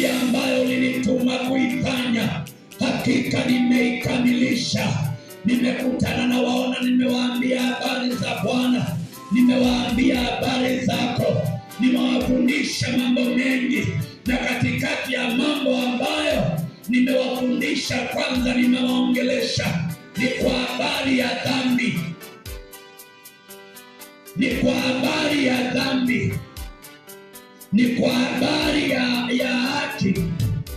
kazi ambayo nilituma kuifanya, hakika nimeikamilisha. Nimekutana na waona, nimewaambia habari za Bwana, nimewaambia habari zako, nimewafundisha mambo mengi, na katikati ya mambo ambayo nimewafundisha, kwanza nimewaongelesha ni kwa habari ya dhambi, ni kwa habari ya dhambi ni kwa habari ya, ya haki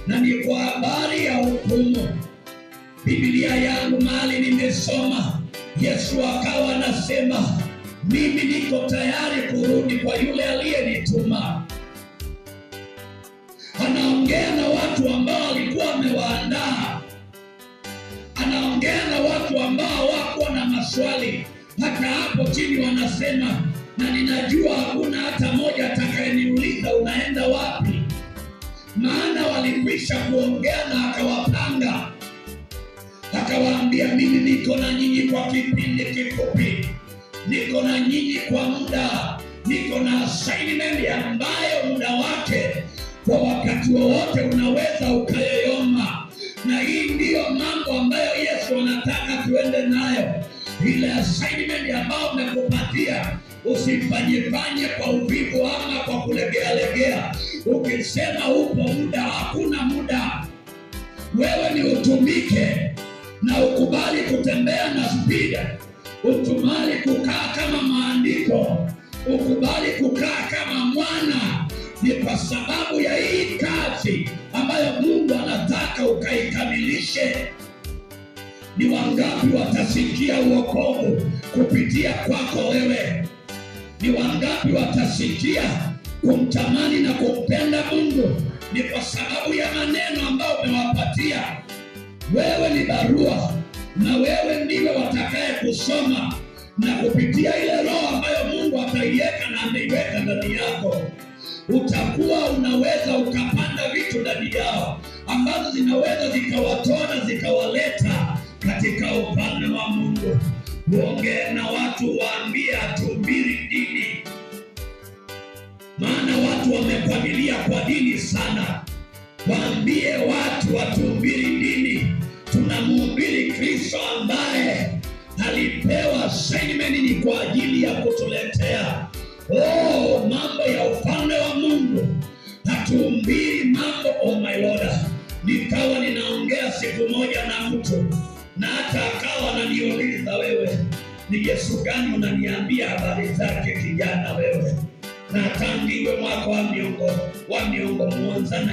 na ni kwa habari ya hukumu. Biblia yangu mahali nimesoma, Yesu akawa anasema mimi niko tayari kurudi kwa yule aliyenituma. Anaongea na watu ambao alikuwa amewaandaa, anaongea na watu ambao wako na maswali. Hata hapo chini wanasema, na ninajua hakuna alikwisha kuongea na akawapanga, akawaambia, mimi niko na nyinyi kwa kipindi kifupi, niko na nyinyi kwa muda, niko na assignment ambayo muda wake kwa wakati wowote unaweza ukayoyoma, na hii ndiyo mambo ambayo Yesu anataka tuende nayo, ile assignment ambayo umekupatia usifanyefanye kwa uvivu ama kwa kulegealegea legea Ukisema upo muda, hakuna muda. Wewe ni utumike na ukubali kutembea na spida, ukubali kukaa kama maandiko, ukubali kukaa kama mwana. Ni kwa sababu ya hii kazi ambayo Mungu anataka ukaikamilishe. Ni wangapi watasikia uokovu kupitia kwako wewe? Ni wangapi watasikia kumtamani na kumpenda Mungu ni kwa sababu ya maneno ambayo umewapatia. Wewe ni barua, na wewe ndiwe watakaye kusoma na kupitia ile roho ambayo Mungu ataiweka na ameiweka ndani yako, utakuwa unaweza ukapanda vitu ndani yao ambazo zinaweza zikawatoa na zikawaleta katika upande wa Mungu. Uongee na watu, waambie atubiri dini wamekwamilia kwa dini sana. Waambie watu watuhubiri dini, tunamhubiri Kristo ambaye alipewa assignment ni kwa ajili ya kutuletea oh, mambo ya ufalme wa Mungu. Hatuhubiri mambo oh my Lord. Nikawa ninaongea siku moja na mtu na hata akawa ananiuliza wewe, ni Yesu gani unaniambia habari zake kijana wewe? na tangiwe mwako wa miungo wa miungo muonza na